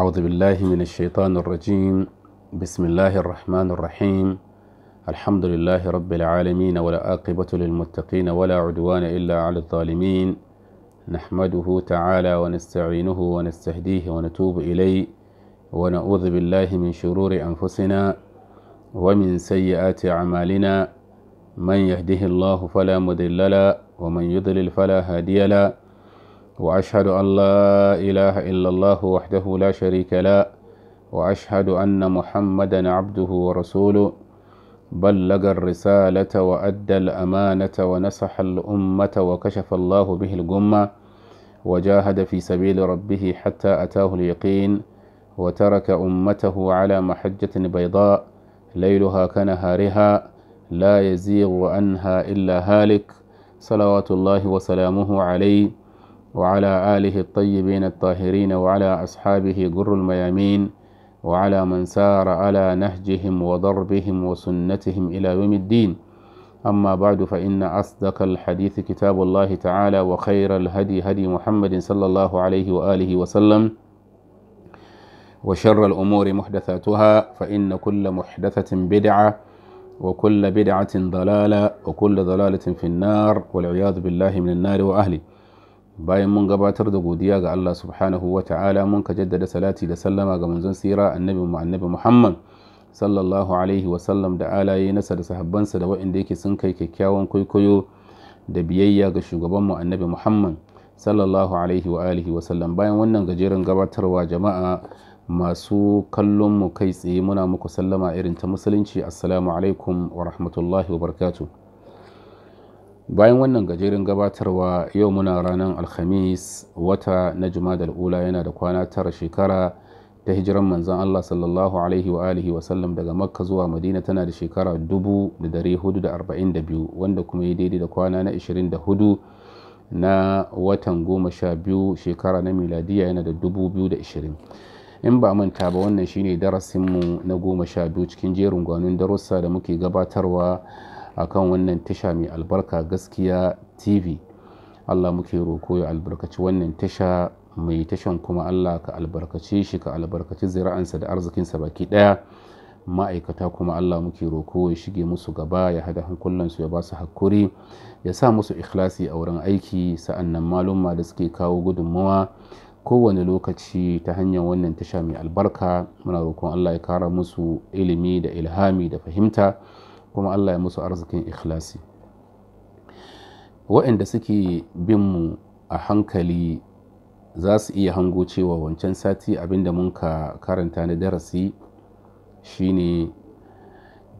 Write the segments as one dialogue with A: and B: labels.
A: أعوذ بالله من الشيطان الرجيم بسم الله الرحمن الرحيم الحمد لله رب العالمين ولا آقبة للمتقين ولا عدوان إلا على الظالمين نحمده تعالى ونستعينه ونستهديه ونتوب إليه ونعوذ بالله من شرور أنفسنا ومن سيئات أعمالنا من يهده الله فلا مضل له ومن يضلل فلا هادي له واشهد ان لا اله الا الله وحده لا شريك له واشهد ان محمدا عبده ورسوله بلغ الرساله وادى الامانه ونصح الامه وكشف الله به الغمه وجاهد في سبيل ربه حتى اتاه اليقين وترك امته على محجه بيضاء ليلها كنهارها لا يزيغ عنها الا هالك صلوات الله وسلامه عليه وعلى آله الطيبين الطاهرين وعلى أصحابه جر الميامين وعلى من سار على نهجهم وضربهم وسنتهم إلى يوم الدين أما بعد فإن أصدق الحديث كتاب الله تعالى وخير الهدي هدي محمد صلى الله عليه وآله وسلم وشر الأمور محدثاتها فإن كل محدثة بدعة وكل بدعة ضلالة وكل ضلالة في النار والعياذ بالله من النار وأهله bayan mun gabatar da godiya ga Allah subhanahu wa ta'ala mun ka jaddada salati da sallama ga manzon sira annabi mu annabi Muhammad sallallahu alaihi wa sallam da alaye nasa da sahabbansa da waɗanda yake sun kai kyakkyawan kwaikwayo da biyayya ga shugaban mu annabi Muhammad sallallahu alaihi wa alihi wa sallam bayan wannan gajeren gabatarwa jama'a masu kallon mu kai tsaye muna muku sallama irin ta musulunci assalamu alaikum wa rahmatullahi wa barakatuh bayan wannan gajeren gabatarwa yau muna ranar alhamis wata na jumadal ula yana da kwana tara shekara ta hijiran manzan allah sallallahu alaihi wa alihi wasallam daga makka zuwa madina tana da shekara 442 wanda kuma ya daidai da kwana na 24 na watan goma sha biyu shekara na miladiya yana da 2020 in ba manta ba wannan shine darasinmu na goma sha biyu cikin jerin gwanon darussa da muke gabatarwa akan wannan tasha mai albarka gaskiya tv allah muke roko ya albarkaci wannan tasha mai tashan kuma allah ka albarkace shi ka albarkaci zira'ansa da arzikinsa baki daya ma'aikata kuma Allah muke roko ya shige musu gaba ya hada hankulansu ya ba su hakuri ya sa musu ikhlasi a wurin aiki sa'annan malumma da suke kawo gudunmawa kowane lokaci ta hanyar wannan tasha mai albarka muna roƙon Allah ya kara musu ilimi da ilhami da fahimta kuma Allah ya musu arzikin ikhlasi waɗanda suke bin mu a hankali za su iya hango cewa wancan sati abinda mun ka karanta na darasi shine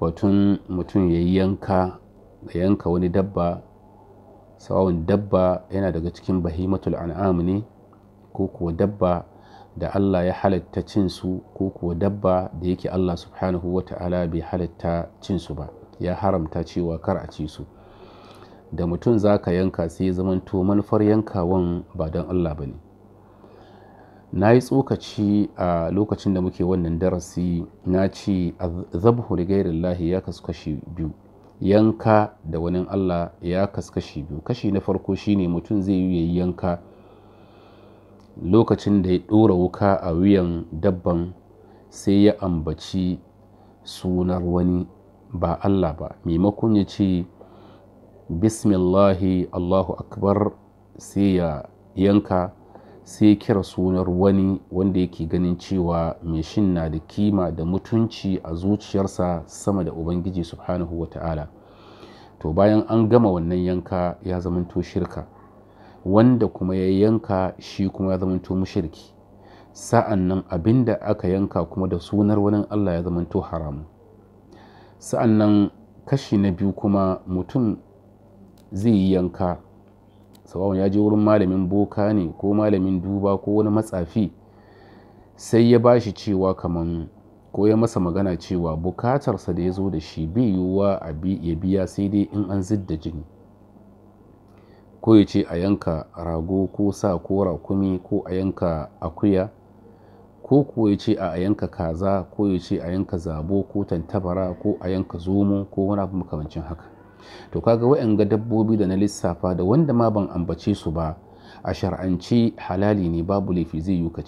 A: batun mutum ya yi yanka da yanka wani dabba sawawun dabba yana daga cikin bahimatul an'am ne ko kuwa dabba da Allah ya halatta cinsu ko kuwa dabba da yake Allah subhanahu wa ta'ala bai halatta cinsu ba ya haramta cewa kar a ci su da mutum za ka yanka sai ya to manufar yankawan ba don allah ba ne na yi tsokaci a lokacin da muke wannan darasi na ce zabhu lahi ya kasu kashi biyu yanka da wani allah ya kasu kashi biyu kashi na farko shine mutum zai yi yanka lokacin da ya ɗora wuka a wuyan dabban sai ya ambaci sunar wani ba Allah ba maimakon ya ce bismillahi allahu akbar sai ya yanka sai kira sunar wani wanda yake ganin cewa mai shin na da kima da mutunci a zuciyarsa sama da ubangiji subhanahu wa ta'ala to bayan an gama wannan yanka ya zamanto shirka wanda kuma ya yanka shi kuma ya zamanto mushirki sa'an nan abinda aka yanka kuma da sunar wani allah ya zamanto haramu sa'an nan kashi na biyu kuma mutum zai yi yanka sawawan ya je wurin malamin boka ne ko malamin duba ko wani matsafi sai ya ba shi cewa kaman ko ya masa magana cewa bukatarsa da ya zo da shi bai yiwuwa a ya biya sai dai in an zidda jini ko ya ce a yanka rago ko sa ko rakumi ko a yanka akuya ko kuwa ya ce a yanka kaza ko ya ce a yanka zabo ko tantabara ko a yanka zomo ko wani abu makamancin haka to kaga ga dabbobi da na lissafa da wanda ma ban ambace su ba a shar'ance halali ne babu laifi zai yi ka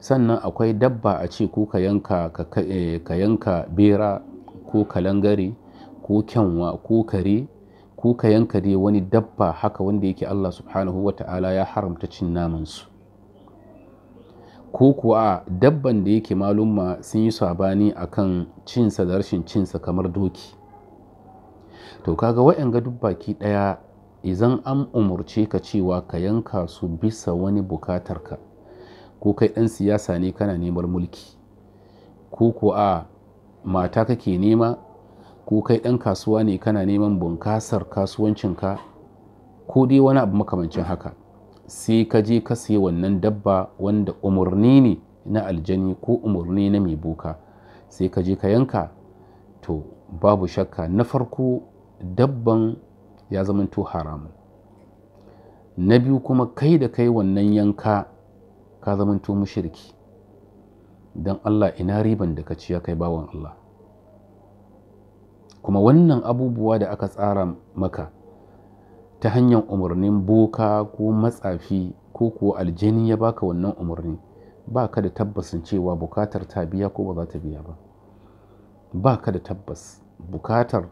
A: sannan akwai dabba a ce ko ka yanka eh, ka yanka bera ko kalangare ko kyanwa ko kare ko ka yanka dai wani dabba haka wanda yake Allah subhanahu wa ta'ala ya haramta cin naman su. ko kuwa dabban da yake malumma sun yi sabani akan cinsa da rashin cinsa kamar doki to kaga wa'yan ga duk baki ɗaya izan an umarce ka cewa ka yanka su bisa wani bukatarka ko kai ɗan siyasa ne kana neman mulki ko kuwa mata kake nema ko kai ɗan kasuwa ne kana neman bunkasar kasuwancinka ko dai wani abu makamancin haka sai ka je ka sayi wannan dabba wanda umarni ne na aljani ko umarni na mai boka sai ka je ka yanka to babu shakka na farko dabban ya zamanto haramun na biyu kuma kai da kai wannan yanka ka zamanto mushirki don allah ina riban da ka ciya kai bawan allah kuma wannan abubuwa da aka tsara maka ta hanyar umarnin boka ko matsafi ko kuwa aljani ya baka wannan umarni ba ka da tabbasin cewa bukatar ta biya ko ba za ta biya ba ba ka da tabbas bukatar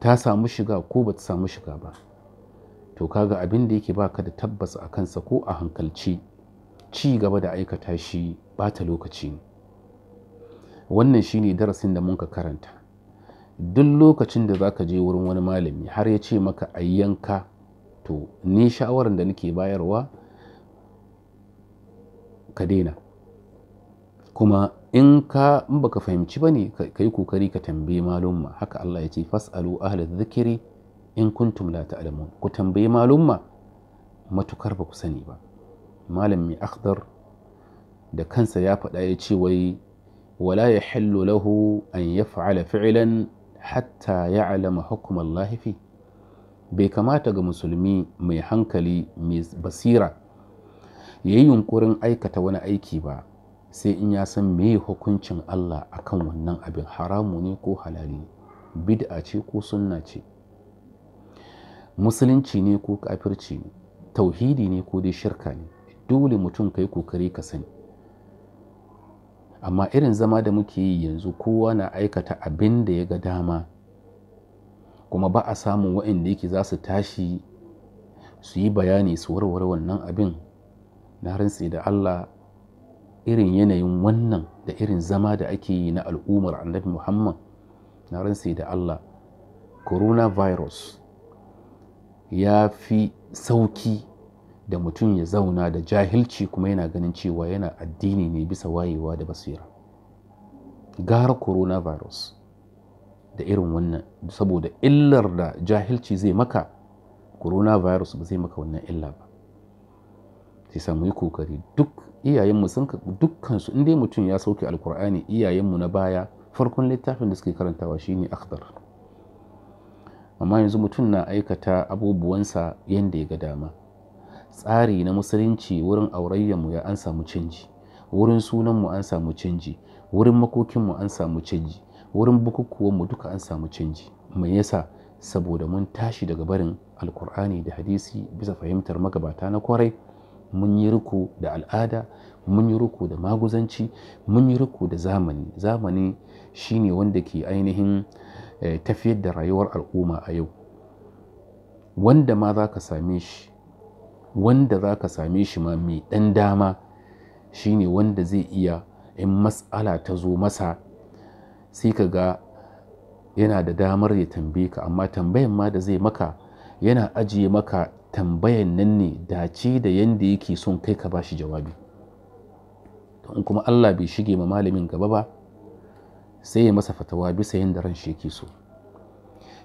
A: ta samu shiga ko ba ta samu shiga ba to kaga abin da yake baka da tabbas a kansa ko a hankalci ci gaba da aikata shi ba ta lokaci wannan shine darasin da mun ka karanta duk lokacin da za ka je wurin wani malami har ya ce maka a yanka to ni shawarar da nake bayarwa ka daina kuma in ka in baka fahimci ne ka yi kokari ka tambaye malumma haka Allah ya ce fasalu ahla zikiri in kuntum la ta'lamun ku tambaye malumma matukar ba ku sani ba malam mai akhdar da kansa ya faɗa ya ce wai wala yahillu lahu an yaf'ala fi'lan hatta ya alama hukumar lahifi bai kamata ga musulmi mai hankali mai basira ya yi yunkurin aikata wani aiki ba sai in ya san meye hukuncin Allah akan wannan abin haramu ne ko halali bid'a ce ko sunna ce musulunci ne ko kafirci ne tauhidi ne ko dai shirka ne dole mutum kai kokari ka sani amma irin zama da muke yi yanzu kowa na aikata abin da ya ga dama kuma ba a samun waɗanda yake za su tashi su yi bayani su warware wannan abin na rantse da Allah irin yanayin wannan da irin zama da ake yi na al'ummar annabi Muhammad na rantse da Allah coronavirus ya fi sauki da mutum ya zauna da jahilci kuma yana ganin cewa yana addini ne bisa wayewa da basira gara coronavirus da irin wannan saboda illar da jahilci zai maka coronavirus ba zai maka wannan illa ba sai samu yi kokari duk iyayenmu sun dukkansu inda mutum ya sauke alkur'ani iyayenmu na baya farkon littafin da suke karantawa shine akhtar amma yanzu mutum na aikata abubuwansa yadda ya ga dama tsari na musulunci wurin aurayyanmu ya an samu canji wurin sunanmu an samu canji wurin makokinmu an samu canji wurin bukukuwanmu duka an samu canji mai yasa saboda mun tashi daga barin alkur'ani da hadisi bisa fahimtar magabata na kwarai mun yi ruku da al'ada mun yi riko da maguzanci mun yi riko da zamani zamani shine wanda ke ainihin eh, tafiyar da rayuwar al'umma a yau wanda ma za ka same shi wanda za ka same shi ma mai ɗan dama shine wanda zai iya in matsala ta zo masa sai ka ga yana da damar ya tambaye ka amma tambayan ma da zai maka yana ajiye maka tambayan nan ne dace da yanda yake son kai ka bashi jawabi in kuma Allah bai shige ma malamin gaba ba sai ya masa fatawa bisa yanda ran shi yake so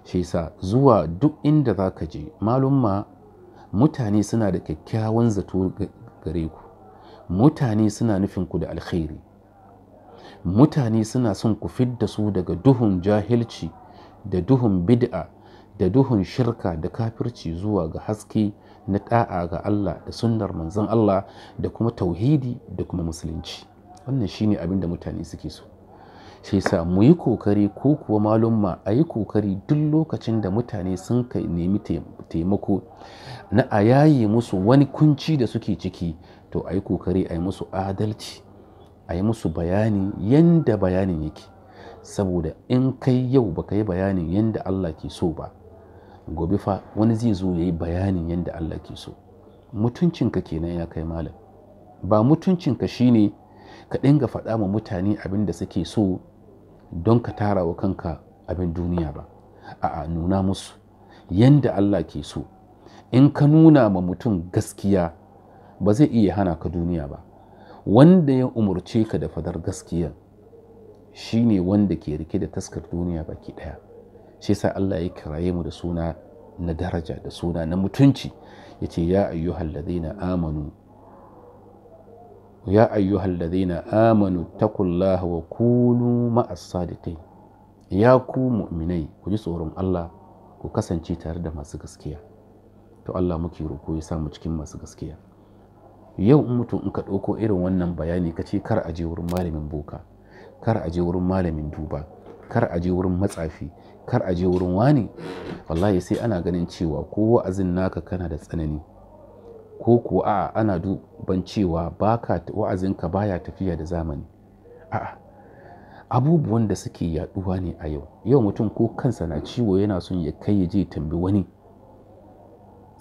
A: shi yasa zuwa duk inda za ka je malumma mutane suna da kyakkyawan zato gare ku mutane suna nufin ku da alkhairi mutane suna son ku fidda su daga duhun jahilci da duhun bid'a da duhun shirka da kafirci zuwa ga haske na ɗa'a ga Allah da sunnar manzon Allah da kuma tauhidi da kuma musulunci wannan shine abin da mutane suke so shi sa mu yi kokari ko kuwa malumma a yi kokari duk lokacin da mutane sun ka nemi taimako na a yayi musu wani kunci da suke ciki to a yi kokari a yi musu adalci a yi musu bayani yanda bayanin yake saboda in kai yau baka yi bayanin yanda Allah ke so ba gobe fa wani zai zo ya yi bayanin yanda Allah ke so mutuncinka kenan ya kai malam ba mutuncinka shine ka dinga faɗa ma mutane abin da suke so don ka tara wa kanka abin duniya ba a nuna musu yanda Allah ke so in ka nuna ma mutum gaskiya ba zai iya hana ka duniya ba wanda ya umarce ka da fadar gaskiya shine wanda ke rike da taskar duniya baki daya shi yasa Allah ya kiraye mu da suna na daraja da suna na mutunci yace ya ayyuhal ladina amanu يا Amanu الذين آمنوا اتقوا الله وكونوا مع الصادقين يا كو مؤمني كجي tsoron الله ku kasance tare da masu gaskiya to Allah muke roko ya samu cikin masu gaskiya yau in mutum in ka ɗauko irin wannan bayani kace kar a je wurin malamin boka kar a je wurin malamin duba kar a je wurin matsafi kar a je wurin wani wallahi sai ana ganin cewa ko azin naka kana da tsanani ko kuwa a'a ana duban cewa ba baka wa'azinka baya tafiya da zamani a'a abubuwan da suke yaduwa ne a yau yau mutum ko kansa na ciwo yana son ya kai ya je tambi wani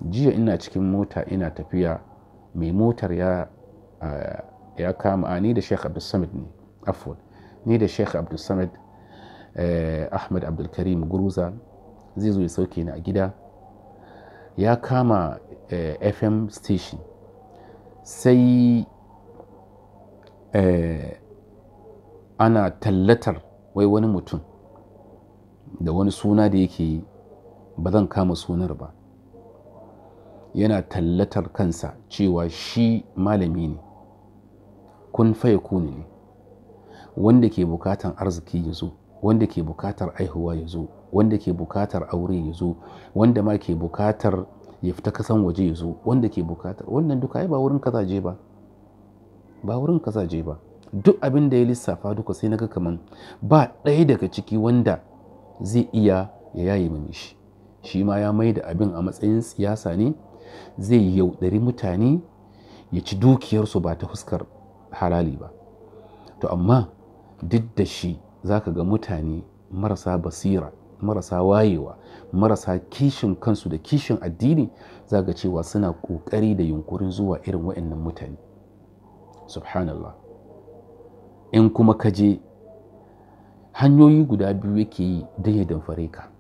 A: jiya ina cikin mota ina tafiya mai motar ya ya kama a ni da sheikh abdulsamid ne afwan ni da sheikh abdulsamid eh, ahmad abdulkarim guruza zai zo ya sauke ni a gida ya kama eh, fm station sai eh, ana tallatar wai wani mutum da wani suna da yake ba zan kama sunar ba yana tallatar kansa cewa shi malami ne kun faye kuni ne wanda ke bukatan arziki ya zo wanda ke bukatar aihuwa ya zo wanda ke bukatar aure ya zo wanda ma ke bukatar ya fita kasan waje ya zo wanda ke bukata wannan duka ai ba wurin kazaje ba ba wurin kazaje ba duk abin da ya lissafa duka sai naga kaman ba ɗaya daga ciki wanda zai iya ya yaye mini shi shi ma ya mai da abin a matsayin siyasa ne zai yaudari mutane ya ci dukiyarsu ba ta fuskar halali ba to amma duk da shi za ka ga mutane marasa basira marasa wayewa marasa kishin kansu da kishin addini za ga cewa suna ƙoƙari da yunkurin zuwa irin wa'annan mutane subhanallah in kuma ka je hanyoyi guda biyu yake yi don ya damfare ka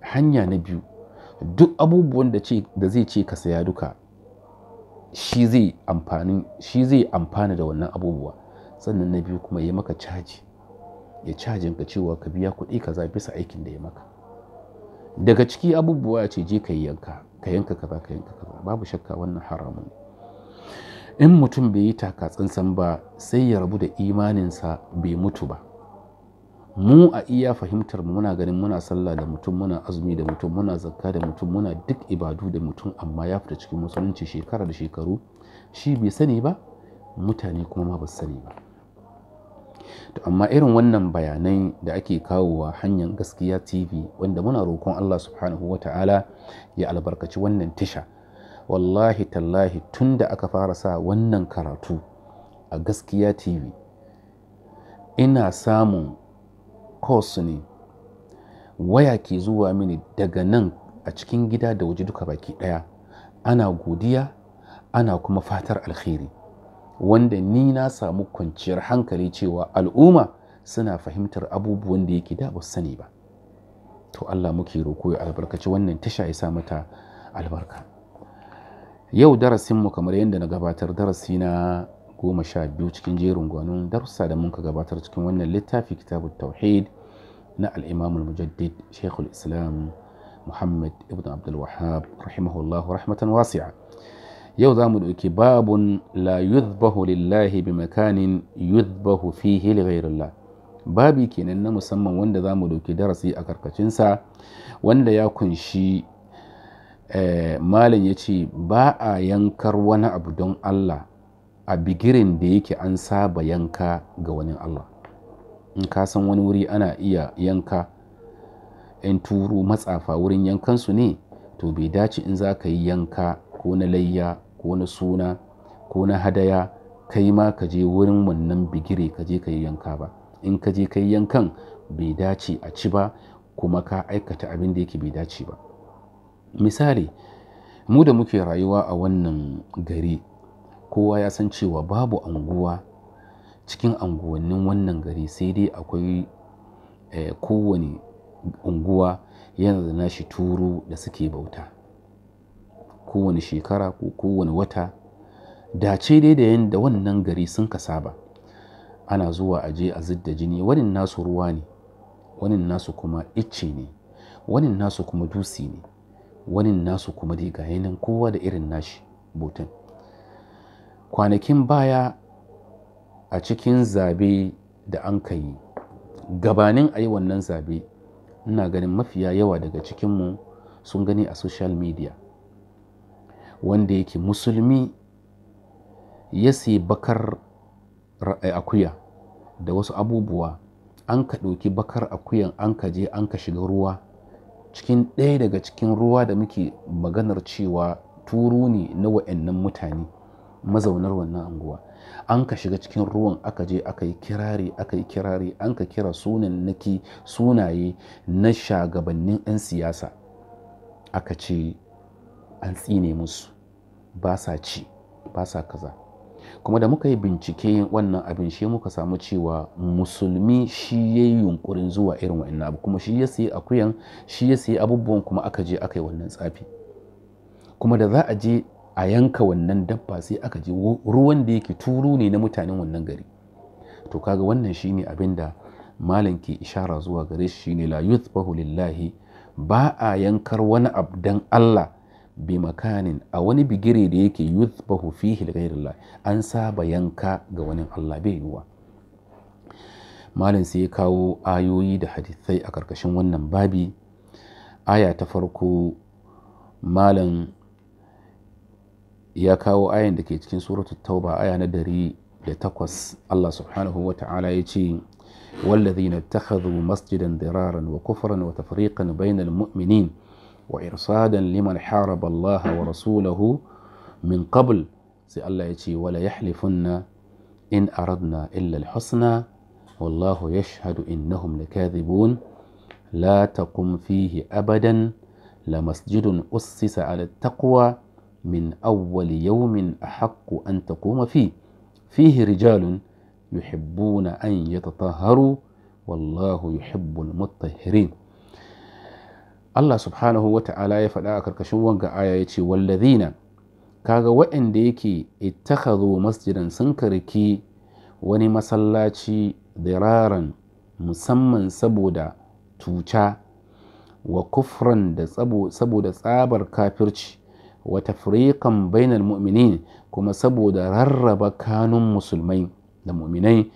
A: hanya na biyu duk abubuwan da zai ce ka saya duka shi zai amfana da wannan abubuwa sannan na biyu kuma ya maka caji ya cajin ka cewa ka biya kuɗi ka kaza bisa aikin da ya maka daga ciki abubuwa ya ce je ka yi yanka ka yanka kaza ka yanka kaza babu shakka wannan haramun in mutum bai yi taka ba sai ya rabu da imaninsa bai mutu ba mu a iya fahimtar mu muna ganin muna sallah da mutum muna azumi da mutum muna zakka da mutum muna duk ibadu da mutum amma ya fita cikin musulunci shekara da shekaru shi bai sani ba mutane kuma ma ba sani ba to amma irin wannan bayanai da ake kawowa hanyar gaskiya tv wanda muna rokon allah subhanahu wa ta'ala ya albarkaci wannan tisha wallahi tallahi tun da aka fara sa wannan karatu a gaskiya tv ina samun kos ne waya ke zuwa mini daga nan a cikin gida da waje duka baki ɗaya ana godiya ana kuma fatar alkhairi wanda ni na samu kwanciyar hankali cewa al'umma suna fahimtar abubuwan da yake da ba sani ba to Allah muke roko ya albarkaci wannan tasha ya sa mata albarka yau darasinmu kamar yadda na gabatar darasi na goma sha biyu cikin jerin gwanon darussa da muka gabatar cikin wannan littafi kitabun tauhid na al'imam al-mujaddid shekul islam muhammad ibn abdul wahab rahimahullahu rahmatan wasi'a yau za mu ɗauki babun la yuzbahu lillahi bi makanin yuzbahu fihi li babi kenan na musamman wanda za mu ɗauki darasi a karkacinsa wanda ya kunshi eh, malam ya ce ba a yankar wani abu don Allah a bigirin da yake an saba yanka ga wani Allah in ka san wani wuri ana iya yanka 'yan turu matsafa wurin yankansu ne to bai dace in za ka yi yanka ko na layya ko na suna ko na hadaya kai ma ka je wurin wannan bigire ka je ka yi yanka ba in ka je ka yi yankan bai dace a ci ba kuma ka aikata abin da yake bai dace ba misali mu da muke rayuwa a wannan gari kowa ya san cewa babu anguwa cikin anguwannin wannan gari sai dai akwai eh, kowane unguwa yana da nashi turu da suke bauta kowane shekara ko kowane wata dace dai da yadda wannan gari sun ka saba ana zuwa a je a zidda jini wani nasu ruwa ne wani nasu kuma icce ne wani nasu kuma dusi ne wani nasu kuma dai ga nan kowa da irin nashi botan kwanakin baya a cikin zabe da an ka gabanin a yi wannan zabe ina ganin mafiya yawa daga cikinmu sun gani a social media wanda yake musulmi ya sayi bakar akuya da wasu abubuwa an ka ɗauki bakar akuyan an ka je an ka shiga ruwa cikin ɗaya daga cikin ruwa da muke maganar cewa turu ne na wa'annan mutane mazaunar wannan anguwa an ka shiga cikin ruwan aka je aka yi kirari aka yi kirari an ka kira sunan naki sunaye na shagabannin 'yan siyasa aka ce an tsine musu ba sa ci ba sa kaza kuma da muka yi bincike wannan abin shi muka samu cewa musulmi shi ya yi yunkurin zuwa irin wa'in abu kuma shi ya sayi akuyan shi ya sayi abubuwan kuma aka je aka yi wannan tsafi kuma da za a je a yanka wannan dabba sai aka je ruwan da yake turu ne na mutanen wannan gari to kaga wannan shine abin da malam ke ishara zuwa gare shi shine la yuthbahu lillahi ba a yankar wani abu dan Allah bi makanin a wani bigire da yake yuthbahu fi ghairillah an saba yanka ga wani Allah bai malam sai ya kawo ayoyi da hadithai a karkashin wannan babi aya ta farko malam ya kawo ayan da ke cikin suratul tauba aya na dari da takwas Allah subhanahu wa ta'ala ya ce والذين اتخذوا مسجدا ضرارا وكفرا وتفريقا بين المؤمنين وإرصادا لمن حارب الله ورسوله من قبل سي الله يتي ولا يحلفن إن أردنا إلا الحسنى والله يشهد إنهم لكاذبون لا تقم فيه أبدا لمسجد أسس على التقوى من أول يوم أحق أن تقوم فيه فيه رجال يحبون أن يتطهروا والله يحب المطهرين Allah subhanahu wa ta'ala ya faɗa a karkashin wanga aya ya ce wallazina kaga waɗanda yake ittakhadhu masjidan sun karki wani masallaci diraran musamman saboda tuca wa kufran da saboda tsabar kafirci wa tafriqan bainal mu'minin kuma saboda rarraba kanun musulmai da mu'minai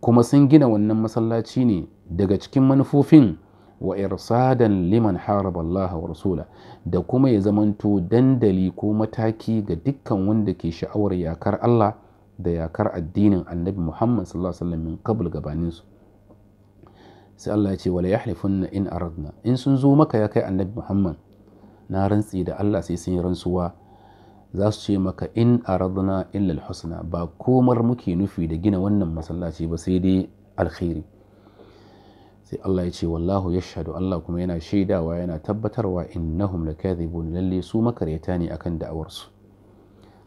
A: kuma sun gina wannan masallaci ne daga cikin manufofin wa irsadan liman haraba Allah wa rasula da kuma ya zamanto dandali ko mataki ga dukkan wanda ke sha'awar yakar Allah da yakar addinin annabi Muhammad sallallahu alaihi wasallam min qabl gabaninsu sai Allah ya ce wala yahlifunna in aradna in sun zo maka ya kai annabi Muhammad na rantsi da Allah sai sun yi rantsuwa za su ce maka in aradna illa alhusna ba komar muke nufi da gina wannan masallaci ba sai dai alkhairi sai Allah ya ce wallahu ya shahadu Allah kuma yana shaidawa yana tabbatarwa innahum lakadhibun lalle su makaryata ne akan da'awarsu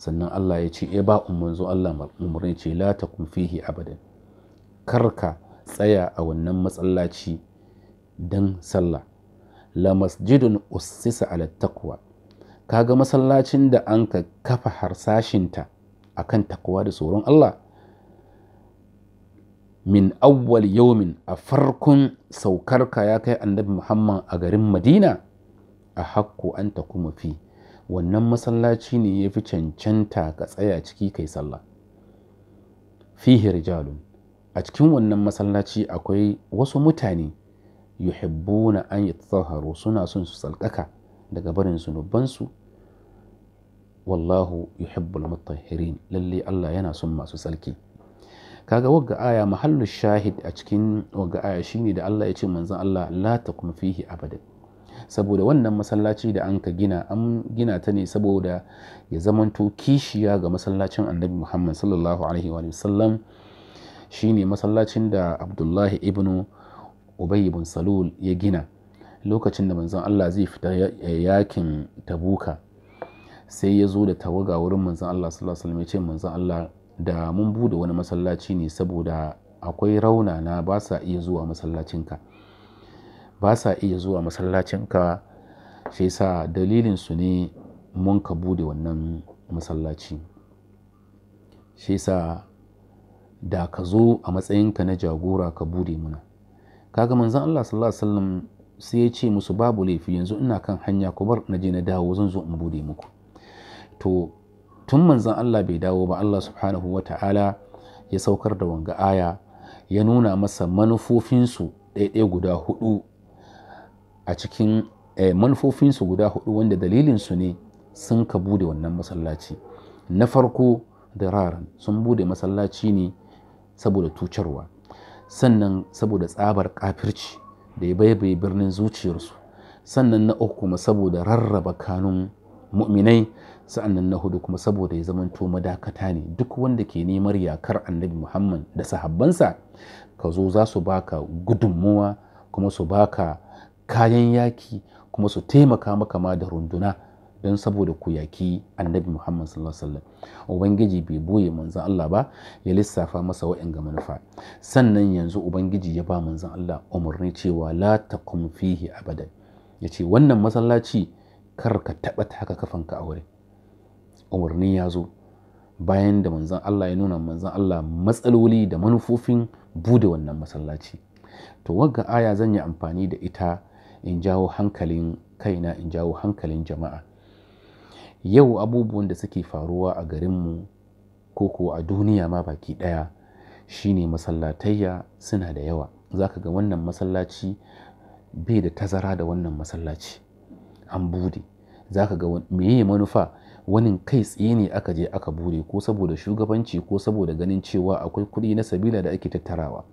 A: sannan Allah ya ce e ba manzo Allah umarni ce la takum fihi abadan karka tsaya a wannan matsalaci dan sallah la masjidun ussisa ala taqwa kaga masallacin da an ka kafa harsashinta akan takwa da tsoron Allah min awwal yawmin a farkon saukarka ya kai annabi muhammad a garin madina a hakku an ta kuma fi wannan masallaci ne ya fi cancanta ka tsaya ciki kai sallah fihi rijalun a cikin wannan masallaci akwai wasu mutane yuhibbuna an yatatahharu suna son su salkaka daga barin zunubansu wallahu yuhibbul muttahirin lalle Allah yana son masu salki kaga wagga aya mahallu shahid a cikin wagga aya shine da Allah ya ce manzon Allah la takum fihi abadan saboda wannan masallaci da an ka gina an gina ta ne saboda ya zamanto kishiya ga masallacin annabi Muhammad sallallahu alaihi wa sallam shine masallacin da Abdullahi ibnu Ubay ibn Salul ya gina lokacin da manzon Allah zai fita yakin Tabuka sai ya zo da tawaga wurin manzon Allah sallallahu alaihi wa sallam ya ce manzon Allah da mun bude wani masallaci ne saboda akwai raunana ba sa iya zuwa masallacinka ba sa iya zuwa masallacinka shi sa dalilin su ne mun ka bude wannan masallaci shi sa da ka zo a matsayinka na jagora ka bude muna kaga manzon Allah sallallahu alaihi wasallam sai ya ce musu babu laifi yanzu ina kan hanya ku bar na je na dawo zan zo in bude muku to tun manzan Allah bai dawo ba Allah subhanahu wa ta'ala ya saukar da wanga aya ya nuna masa manufofinsu ɗaiɗaya guda hudu a cikin eh, manufofinsu guda hudu wanda dalilinsu ne sun ka bude wannan masallaci na farko da raran sun bude masallaci ne saboda tucarwa sannan saboda tsabar kafirci da ya baibaye birnin zuciyarsu sannan na uku kuma saboda rarraba kanun mu'minai sa'annan na hudu kuma saboda ya zamanto madakata ne duk wanda ke neman yakar annabi muhammad da sahabbansa ka zo za su baka gudunmuwa kuma su baka kayan yaki kuma su taimaka maka ma da runduna don saboda ku yaki annabi muhammad sallallahu alaihi wasallam ubangiji bai boye manzon Allah ba ya lissafa masa ga manufa sannan yanzu ubangiji ya ba manzon Allah umarni cewa la taqum fihi abadan yace wannan masallaci kar ka taɓa haka kafanka a wurin umarni ya zo bayan da manzan Allah ya nuna manzan Allah matsaloli da manufofin bude wannan masallaci to wagga aya zan yi amfani da ita in jawo hankalin kaina in jawo hankalin jama'a yau abubuwan da suke faruwa a garinmu ko ko a duniya ma baki ɗaya shine masallatayya suna da yawa za ka ga wannan masallaci bai da tazara da wannan masallaci an bude za ka ga meye manufa wani kai tsaye ne aka je aka bure ko saboda shugabanci ko saboda ganin cewa akwai kuɗi na sabila da ake tattarawa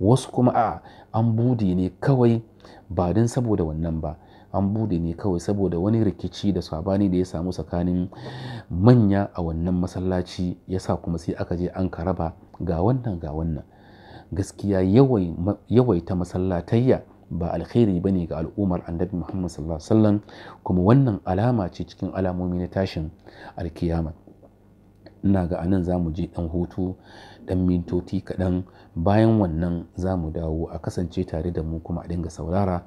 A: wasu kuma a an bude ne kawai ba don saboda wannan ba an bude ne kawai saboda wani rikici da sabani da ya samu tsakanin manya a wannan masallaci ya sa kuma sai aka je an karaba ga wannan ga wannan gaskiya yawaita masallatayya ba alkhairi ba ne ga al'ummar annabi muhammad sallallahu alaihi wasallam kuma wannan alama ce cikin alamomi na tashin alkiyama ina ga anan za mu je ɗan hutu ɗan mintoti kaɗan bayan wannan za mu dawo a kasance tare da mu kuma a dinga saurara.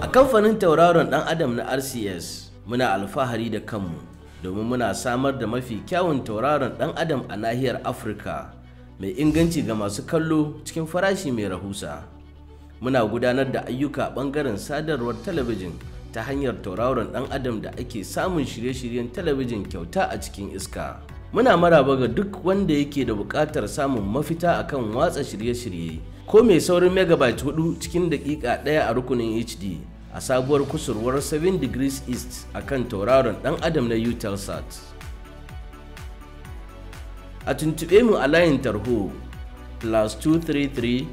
B: a kamfanin tauraron dan adam na rcs muna alfahari da kanmu domin muna samar da mafi kyawun tauraron dan adam a nahiyar afirka mai inganci ga masu kallo cikin farashi mai rahusa muna gudanar da ayyuka bangaren sadarwar talabijin ta hanyar tauraron dan adam da ake samun shirye-shiryen talabijin kyauta a cikin iska muna maraba ga duk wanda yake da buƙatar samun mafita akan watsa shirye-shirye ko mai saurin megabyte 4 cikin daƙiƙa ɗaya a rukunin hd a sabuwar kusurwar 7 degrees east a kan tauraron dan adam na utelsat a tuntube mu a layin tarho plus 233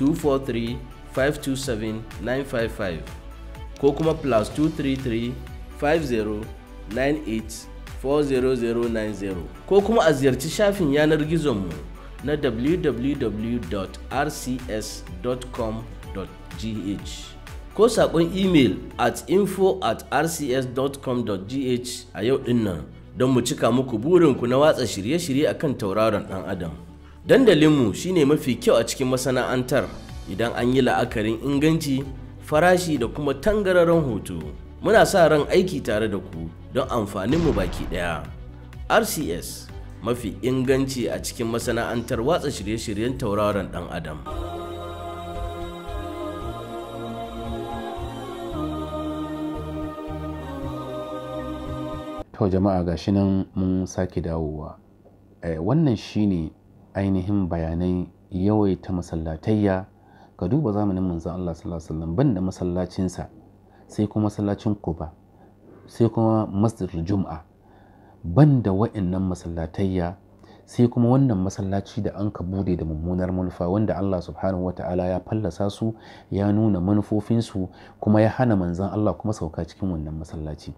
B: 243 527 955 ko kuma plus 233 50 98 40090 ko kuma a ziyarci shafin yanar gizonmu na www.rcs.com.gh ko saƙon email at info at rcs.com.gh a yau ɗin nan don mu cika muku burinku na watsa shirye-shirye a kan tauraron ɗan adam. Dandalinmu shine mafi kyau a cikin masana'antar idan an yi la'akarin inganci, farashi da kuma tangararren hoto. Muna sa ran aiki tare da ku don amfaninmu baki ɗaya. RCS mafi inganci a cikin masana'antar watsa shirye-shiryen tauraron ɗan adam.
A: to jama'a ga shi nan mun sake dawowa eh, wannan shi ne ainihin bayanai ta masallatayya ka duba zamanin manzan Allah sallallahu alaihi wasallam banda masallacinsa sai kuma masallacin ba, sai kuma masjid Juma'a banda wa'annan masallatayya sai kuma wannan masallaci da an ka bude da mummunar manufa wanda Allah subhanahu wa ta'ala ya fallasa su ya nuna manufofinsu kuma ya hana manzan Allah kuma sauka cikin wannan masallaci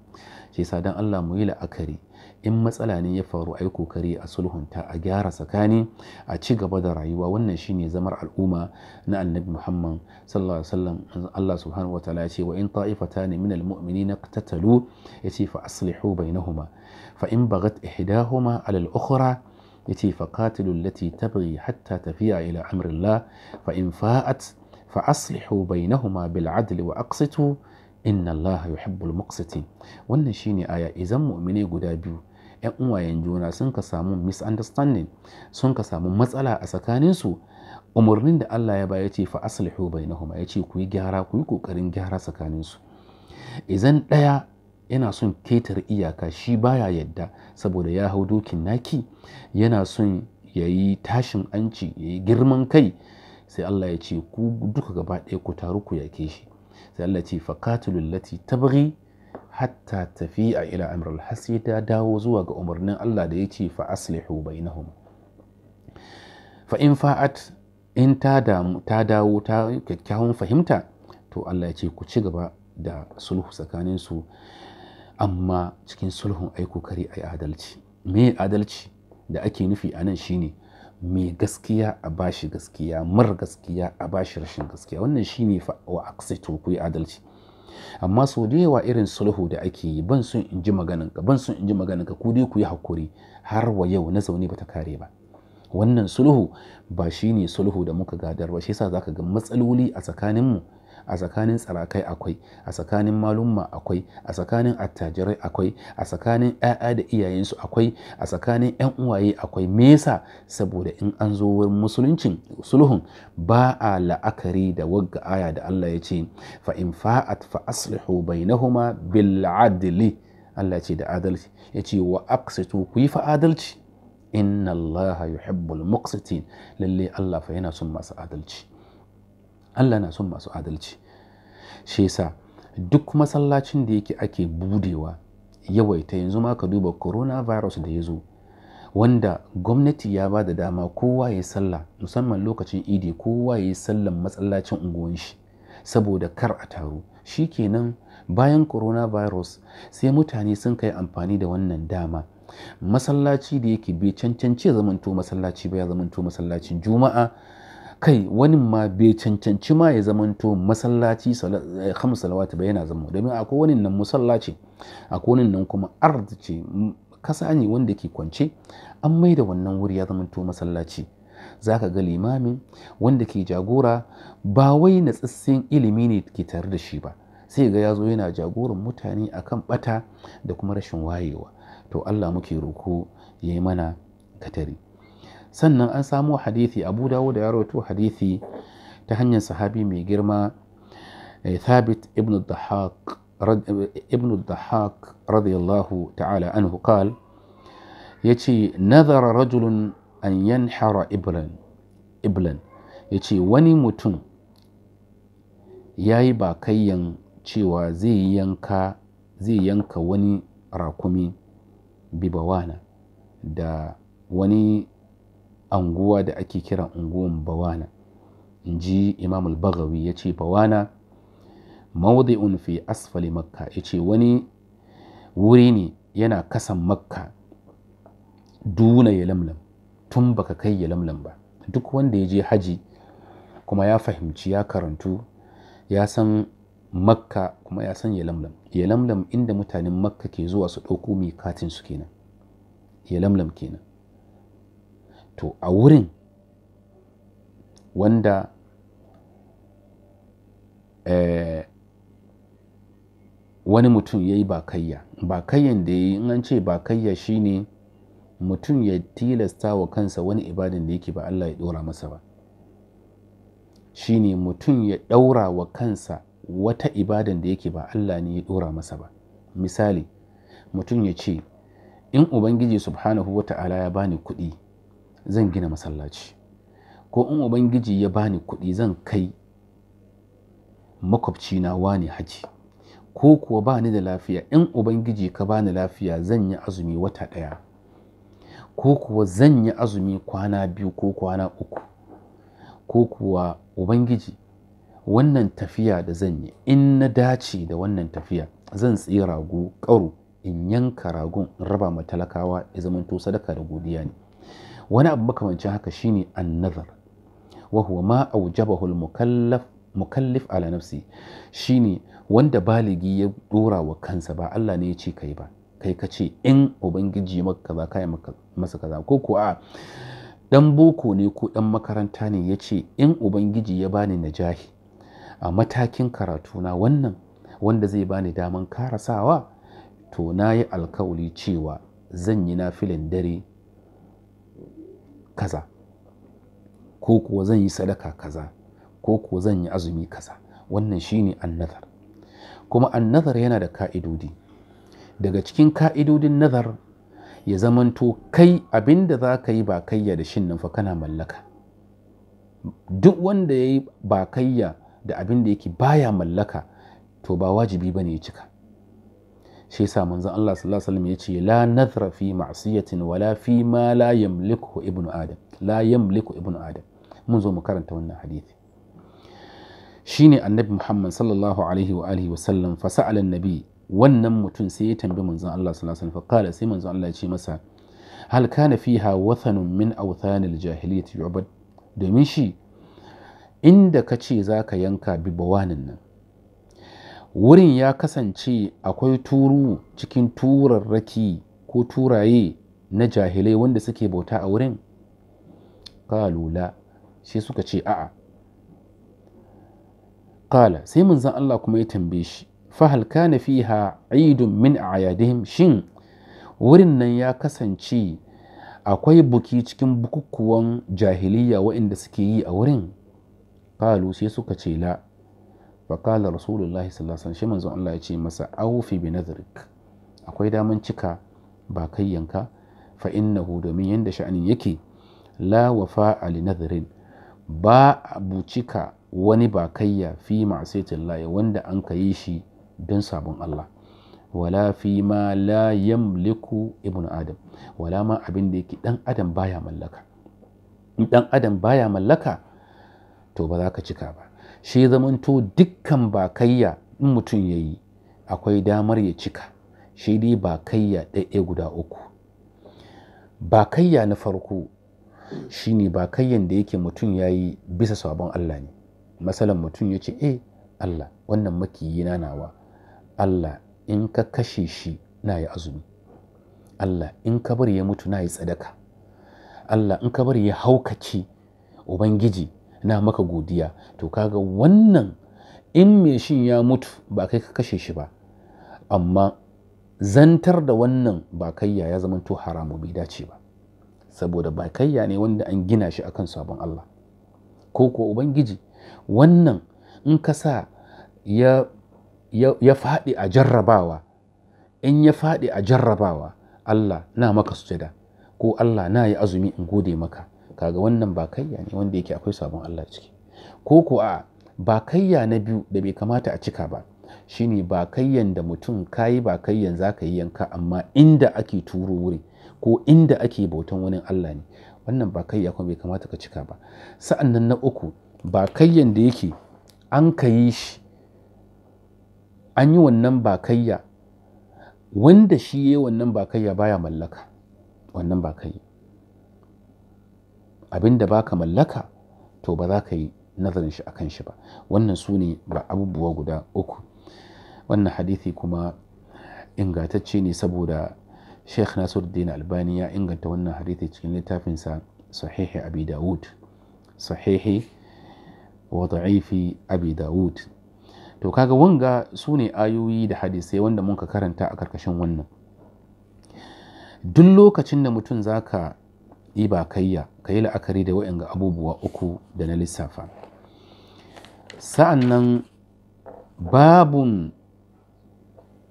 A: shi yasa dan Allah mu yi la'akari in matsala ne ya faru a kokari a sulhunta a gyara sakani a ci gaba da rayuwa wannan shine zamar al'umma na annabi muhammad sallallahu alaihi wasallam Allah subhanahu wataala ya ce wa in ta'ifatan min almu'minin qatatalu yace fa aslihu bainahuma fa in bagat ihdahuma ala al-ukhra yace fa qatilu allati tabghi hatta tafi'a ila amrillah fa in fa'at فأصلحوا بينهما بالعدل وأقسطوا inna allaha yuhibbul muqsitin wannan shine aya idan mu'mine guda biyu yan uwayen juna sun ka samu misunderstanding sun ka samu matsala a tsakaninsu umarnin da Allah ya baya ce fa aslihu bainahuma ya ce ku yi gyara ku yi kokarin gyara tsakaninsu idan ɗaya yana son ketar iyaka shi baya yadda saboda ya hau dokin naki yana son ya yi tashin anci ya girman kai sai Allah ya ce ku duka gaba ɗaya ku taru ku yake shi sai Allah ce faqatilul lati tabghi hatta tafi'a ila al hasi ta dawo zuwa ga umarnin Allah da yace fa aslihu bainahum fa in fa'at in ta damu ta dawo ta kyakkyawan fahimta to Allah ya ce ku ci gaba da sulhu tsakanin su amma cikin sulhun ai kokari ai adalci me adalci da ake nufi anan shine mai gaskiya a bashi gaskiya mar gaskiya a bashi rashin gaskiya wannan shine ne wa aksito ku adalci amma sau da yawa irin sulhu da ake yi ban sun in ji maganin ka ban sun in ji maganin ka ku dai ku yi hakuri har wa yau na zaune bata kare ba wannan sulhu ba shine sulhu da muka gadar ba shi yasa zaka ga matsaloli a tsakaninmu mu a tsakanin tsarakai akwai a tsakanin malumma akwai a tsakanin attajirai akwai a tsakanin 'ya'ya da iyayensu akwai a tsakanin 'yan uwaye akwai mesa saboda in an zo wurin musuluncin sulhun ba a la'akari da wagga aya da Allah ya ce fa in fa'at fa aslihu bainahuma bil adli Allah ce da adalci yace wa aqsitu ku yi fa adalci inna Allah yuhibbul muqsitin lalle Allah fa yana son masu adalci Allah na son masu adalci shi duk masallacin da yake ake budewa yawaita yanzu ma ka duba coronavirus da ya zo wanda gwamnati ya ba da dama kowa ya sallah musamman lokacin idi kowa ya yi sallan matsalacin unguwan shi saboda kar a taru shi kenan bayan coronavirus sai mutane sun kai amfani da wannan dama masallaci da yake bai cancanci zamanto masallaci ba ya zamanto masallacin juma'a kai wani ma bai cancanci ma ya zamanto masallaci eh, hamsu salawatu yana zama domin akwai wani nan musallaci akwai wani nan kuma arziki ce mm, kasa ne wanda ke kwance an mai da wannan wuri ya zamanto masallaci za ka ga limamin wanda ke jagora ba wai na tsassin ilimi ne ke tare da shi ba sai ga ya zo yana jagoran mutane akan bata da kuma rashin wayewa to allah muke roko ya yi mana katari sannan an samo hadithi abu dawo da ya rawaito hadithi ta hanyar sahabi mai girma eh, thabit ibn dahaq eh, radiyallahu ta'ala anhu qal yace nazara rajulun an yanhara iblan ya yace wani mutum ya yi bakayyan cewa zai yanka zai yanka wani rakumi bibawana da wani anguwa da ake kira unguwan bawana in ji imam al ya ce bawana mawdi'un fi asfali makka ya ce wani wuri ne yana kasan makka duna ya lamlam tun baka kai ya lamlam ba duk wanda ya je haji kuma ya fahimci ya karantu ya san makka kuma ya san ya lamlam ya lamlam inda mutanen makka ke zuwa su ɗauko mai katin su kenan ya lamlam kenan to a wurin wanda eh, wani mutum ya yi bakayya bakayyan da ya yi an ce bakayya shine mutum ya tilasta wa kansa wani ibadin da yake ba Allah ya ɗora masa ba shine mutum ya ɗaura wa kansa wata ibadan da yake ba Allah ne ya ɗora masa ba misali mutum ya ce in ubangiji subhanahu ta'ala ya bani kuɗi zan gina masallaci ko in ubangiji ya bani kuɗi zan kai makwabci na wani haji ko kuwa bani da lafiya in ubangiji ka bani lafiya zan yi azumi wata ɗaya ko kuwa zan yi azumi kwana biyu ko kwana uku ko kuwa ubangiji wannan tafiya da zan yi in na dace da wannan tafiya zan tsira rago ƙaru in yanka ragon in raba matalakawa ya to sadaka da godiya ne wani abu makamancin haka shine annazar wa huwa ma aujabahu mukallaf mukallif ala nafsi shine wanda baligi ya dora wa kansa ba Allah ne ya ce kai ba kai ka ce in ubangiji maka kaza kai masa kaza ko ko a dan boko ne ko dan makaranta ne ya ce in ubangiji ya bani najahi a matakin karatu na wannan wanda zai bani daman karasawa to na yi alkawali cewa zan yi na filin dare kaza ko kuwa zan yi sadaka kaza ko kuwa zan yi azumi kaza wannan shine annazar kuma annazar yana da ka'idodi daga cikin ka'idodin nazar ya zamanto kai abinda za ka yi bakayya da shin nan fa kana mallaka duk wanda ya yi bakayya da abinda yake baya mallaka to ba wajibi ba ne ya cika shi yasa manzon Allah sallallahu alaihi wasallam yace la nadhra fi ma'siyatin wala fi ma la yamliku ibnu adam la yamliku ibnu adam mun zo mu karanta wannan hadisi shine annabi Muhammad sallallahu alaihi wa alihi wasallam fa sa'ala annabi wannan mutum sai ya tambayi manzon Allah sallallahu alaihi wasallam fa sai manzon Allah ya ce masa hal kana fiha wathanun min awthanil jahiliyyati yu'bad domin shi inda ka ce za ka yanka bibawanin nan wurin ya kasance akwai turu cikin turarraki ko turaye na jahilai wanda suke bauta a wurin kalula sai suka ce a'a kala sai manzan Allah kuma ya tambaye shi fahal kana fiha aidun min ayadihim shin wurin nan ya kasance akwai buki cikin bukukuwan jahiliya waɗanda suke yi a wurin kalu sai suka ce la faƙala rasulullahi sallasan shi Allah ya ce masa aufi bi nadrik akwai daman cika ba kai yanka fa innahu domin yadda sha'anin yake la wafa ali nadrin ba a bucika wani bakayya fi ma'asiyatillahi wanda an kayi shi don sabon Allah wala fi ma la yamliku ibnu adam wala ma abin da yake dan adam baya mallaka in dan adam baya mallaka to ba za ka cika ba shi zamanto dukkan bakayya in mutum ya yi akwai damar ya cika shi dai bakayya ɗaya guda uku bakayya na farko shi shine bakayyan da yake mutum ya yi bisa sabon Allah ne masalan mutum ya ce eh Allah wannan makiyina nawa Allah in ka kashe shi na yi azumi Allah in ka bari ya mutu na yi tsadaka Allah in ka bari ya haukaci Ubangiji na maka godiya to kaga wannan in mai shin ya mutu ba kai ka kashe shi ba amma zantar da wannan bakayya ya zama to haramu bai dace ba saboda bakayya ne wanda an gina shi akan sabon Allah ko ko ubangiji wannan in ka sa ya ya faɗi a jarrabawa in ya faɗi a jarrabawa Allah na maka sujada ko Allah na yi azumi in gode maka kaga wannan bakayya ne wanda yake akwai sabon Allah ciki ko ko a bakayya na biyu da bai kamata a cika ba shine bakayyan da mutum kayi bakayyan za ka yi yanka amma inda ake turo wurin ko inda ake bautan wani Allah ne wannan bakayya kuma bai kamata ka cika ba sa'an na uku bakayyan da yake an ka yi shi an yi wannan bakayya wanda shi ya yi wannan bakayya baya mallaka wannan kayya abin da baka mallaka to ba za ka yi nazarin shi akan shi ba wannan su ne ba abubuwa guda uku wannan hadithi kuma ingantacce ne saboda sheikh nasiruddin albani ya inganta wannan hadithi cikin littafinsa sahihi abi dawud sahihi wa da'ifi abi dawud to kaga wanga su ne ayoyi da hadisai wanda muka karanta a karkashin wannan duk lokacin da mutum zaka ba kayya ka yi la'akari da wa'in abubuwa uku da na lissafa sa'an nan babun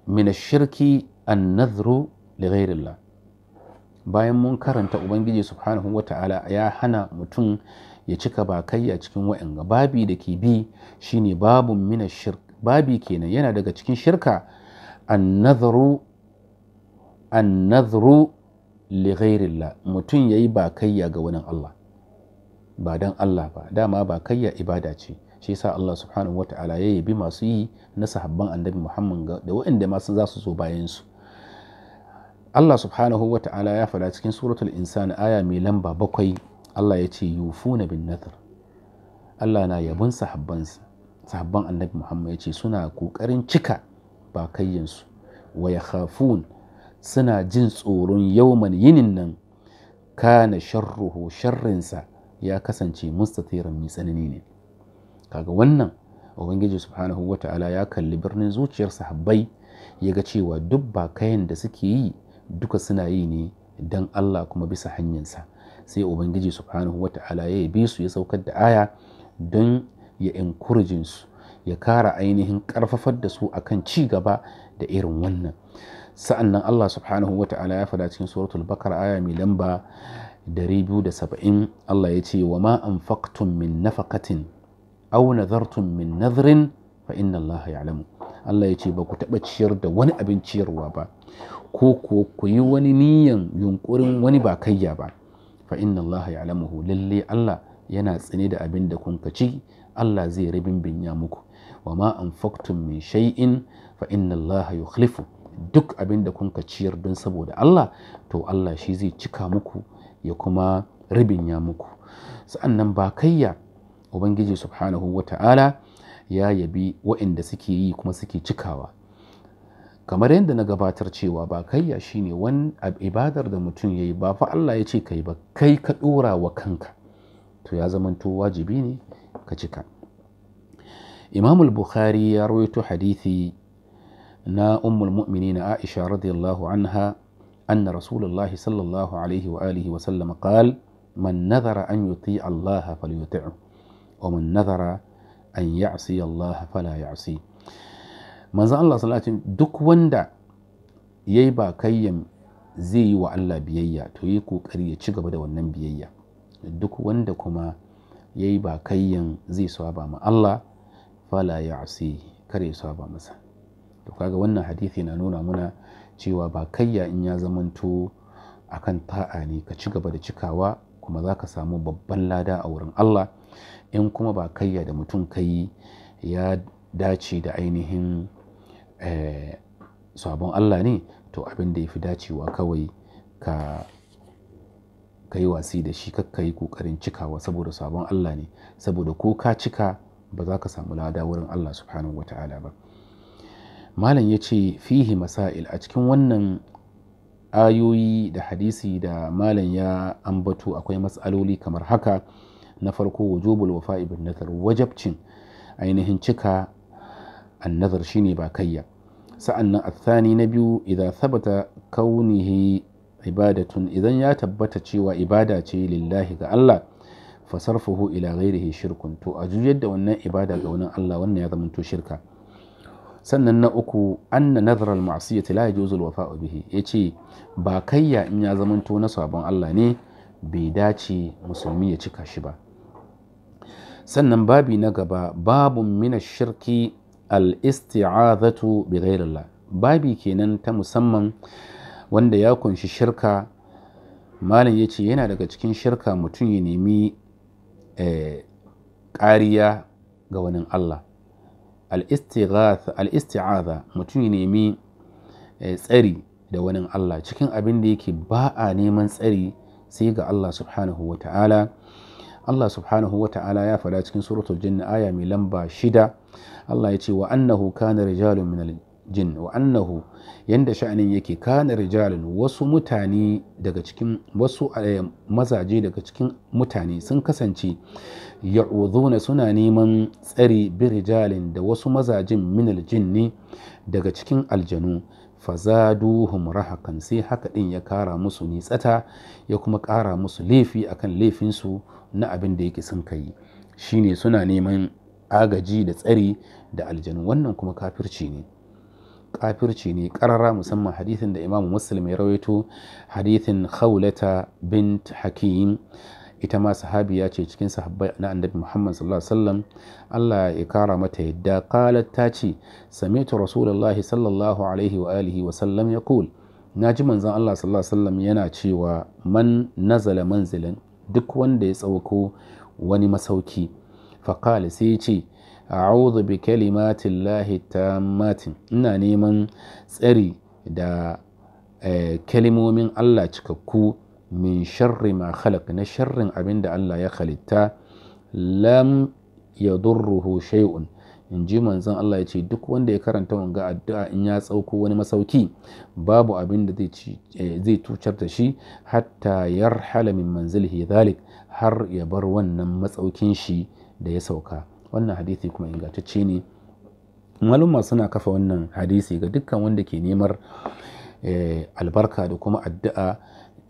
A: minashirki an nazaru. da bayan mun karanta ubangiji subhanahu wa ta'ala ya hana mutum ya cika bakayya cikin wa'in babi da ke bi shine babun minashirk babi kenan yana daga cikin shirka an nazaru. an li ghairillah mutum yayi bakayya ga wani Allah ba dan Allah ba dama bakayya ibada ce shi yasa Allah subhanahu wata'ala ya yabi masu yi na sahabban annabi Muhammad da waɗanda ma za su zo bayan su Allah subhanahu wata'ala ya faɗa cikin suratul insan aya mai lamba bakwai Allah ya ce yufuna bin nadhr Allah na yabon sahabban sahabban annabi Muhammad ya ce suna kokarin cika bakayyansu wa yakhafun suna jin tsoron yawman yinin nan kana sharruhu sharrinsa ya kasance mustatirin mai tsanani ne kaga wannan ubangiji subhanahu ta'ala ya kalli birnin zuciyar sahabbai ya ga cewa duk ba kayan da suke yi duka suna yi ne don Allah kuma bisa hanyarsa sai ubangiji subhanahu wata'ala ya bi su ya saukar da aya don ya encouraging su ya kara ainihin karfafar da su akan ci gaba da irin wannan sa'an nan Allah subhanahu wa ta'ala ya faɗa cikin suratul bakar aya mai lamba 270 Allah ya ce wa ma anfaqtum min nafaqatin aw nadartum min nadhrin fa inna Allah ya'lamu Allah ya ce ba ku taɓa ciyar da wani abin ciyarwa ba ko ko ku yi wani niyan yunkurin wani ba kayya ba fa inna Allah ya'lamuhu lalle Allah yana tsine da abin da kun kaci. Allah zai rabin binya muku wa ma anfaqtum min shay'in fa inna Allah yukhlifu duk abin da kun ciyar don saboda Allah to Allah shi zai cika muku ya kuma ribin ya muku sa'annan ba kayya ubangiji subhanahu wa ta'ala ya yabi wa'inda suke yi kuma suke cikawa kamar yadda na gabatar cewa ba kayya shine wani ibadar da mutum ya yi ba fa Allah ya ce kai ba kai ka ɗora wa kanka to ya zamanto wajibi ne ka cika imamul bukhari ya rawaito hadithi na ummul mu'mini na aisha radiyallahu anha anna rasulullahi sallallahu alaihi wa alihi wa sallam qal man nazara an yuti Allah falyuti'u wa man nazara an ya'si Allah fala ya'si duk wanda yayi ba kayyam zai yi wa Allah biyayya to yi kokari ya ci gaba da wannan biyayya duk wanda kuma yayi ba kayyam zai saba ma Allah fala ya'si kare saba masa to kaga wannan hadithi na nuna muna cewa ba kayya in ya zamanto akan ta'a ne ka ci gaba da cikawa kuma za ka samu babban lada a wurin Allah in kuma ba kayya da mutum kai ya dace da ainihin eh, sabon Allah ne to abin da ya fi dacewa kawai ka ka yi wasi da shi kakka yi kokarin cikawa saboda sabon Allah ne saboda ko ka cika ba za ka samu lada wurin Allah subhanahu wa ta'ala ba malam ya ce fihi masail a cikin wannan ayoyi da hadisi da malam ya ambato akwai matsaloli kamar haka na farko wajubul wafa bin nazar wajabcin ainihin cika annazar shine ba kayya sa'annan athani na biyu idan sabata kaunihi ibadatun idan ya tabbata cewa ibada ce lillahi ga Allah fasarfuhu ila ghairihi shirkun to a juyar da wannan ibada ga wani Allah wannan ya zamanto shirka sannan na uku anna nadharal ma'siyati la yajuzu wafa'u bihi ce ba kayya in ya zamanto na sabon Allah ne bai dace musulmi ya cika shi ba sannan babi na gaba babu mina shirki al-isti'azatu bi ghairillah babi kenan ta musamman wanda ya kunshi shirka malam ya ce yana daga cikin shirka mutum ya nemi kariya eh, ga wani Allah al-isti'aza mutum ya nemi eh, tsari da wani Allah cikin abin da yake ba a neman tsari sai ga Allah subhanahu wa ta'ala Allah subhanahu wa ta'ala ya faɗa cikin suratul jinni aya mai lamba shida Allah ya ce wa annahu kana rijalun min jin wa'annahu yadda yanda sha'anin yake kana rijalin wasu mutane daga cikin wasu eh, mazaje daga cikin mutane sun kasance ya'udhuna suna neman tsari bi rijalin da wasu mazajin minal ne daga cikin aljanu fazaduhum rahakan sai haka din ya kara musu nitsata ya kuma kara musu laifi akan laifinsu na abin da yake sun kai shine suna neman agaji da tsari da aljanu wannan kuma kafirci ne kafirci ne karara musamman hadithin da imamu muslim ya rawaito hadithin khawlata bint hakim ita ma sahabiya ce cikin sahabbai na annabi Muhammad sallallahu alaihi wasallam Allah ya kara mata yadda qalat ta ce sami'tu rasulullahi sallallahu alaihi wa alihi wa sallam na ji manzon Allah sallallahu alaihi wasallam yana cewa man nazala manzilan duk wanda ya tsauko wani masauki faqala sai ya ce a'udhu bi kalimatin lahi tammatin ina neman tsari da eh, kalimomin Allah cikakku min sharri ma khalaq na sharrin abin da Allah ya halitta lam yadurruhu shay'un in ji manzon Allah ya ce duk wanda ya karanta wanga addu'a in ya tsauko wani masauki babu abin da zai eh, cutar da shi hatta yar halamin manzilihi dhalik har ya bar wannan matsaukin shi da ya sauka wannan hadisi kuma ingantacce ne malumma suna kafa wannan hadisi ga dukkan wanda ke neman eh, albarka da kuma addu'a